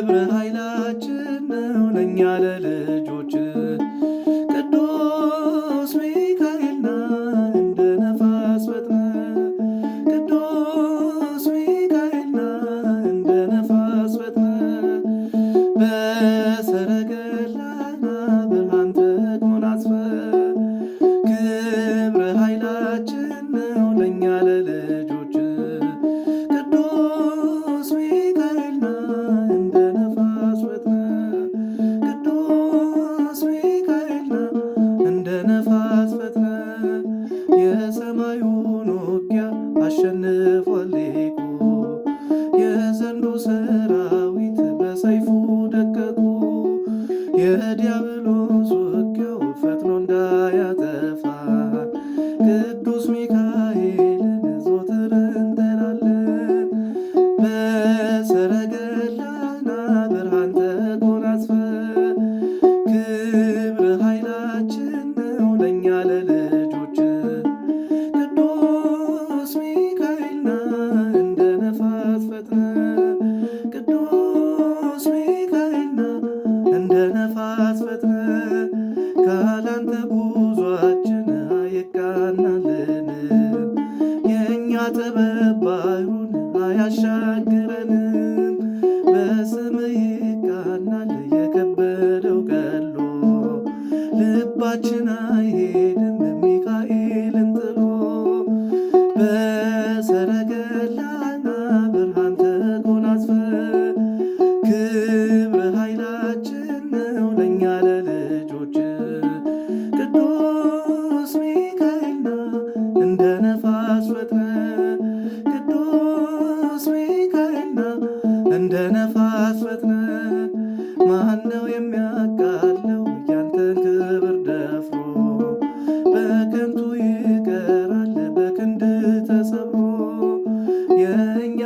celebrar. እንደ ነፋስ ፈጥነ ማን ነው የሚያቃለው ያንተን ክብር ደፍሮ በከንቱ ይቀራል በክንድ ተሰብሮ የእኛ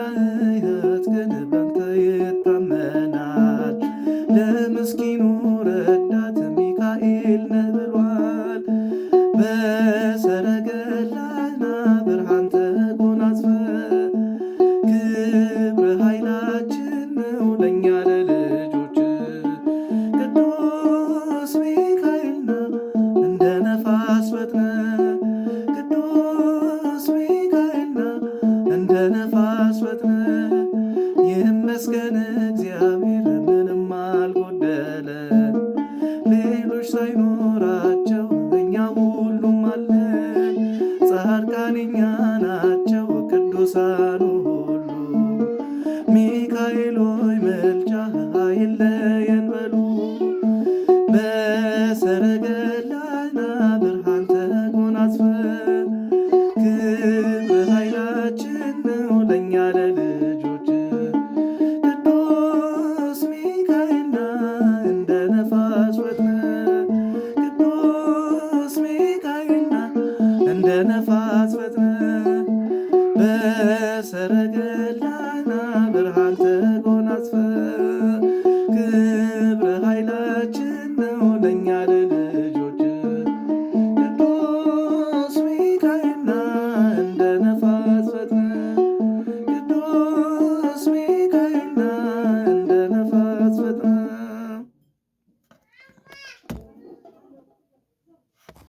እህት ግን ባንተ ይታመናል ለምስኪኑ ረዳት ሚካኤል ነህ ብሏል። ነኛ ለልጆች ቅዱስ ሚካኤልና እንደ ነፋስ ፈጥነ ቅዱስ ሚካኤልና እንደ ነፋስ ፈጥነ ይመስገን እግዚአብሔር ምንም አልጎደለ ሌሎች ሳይኖራቸው እኛ ሁሉም አለ ጻድቃን እኛ ናቸው ቅዱሳኑ ሁሉ ሚካኤል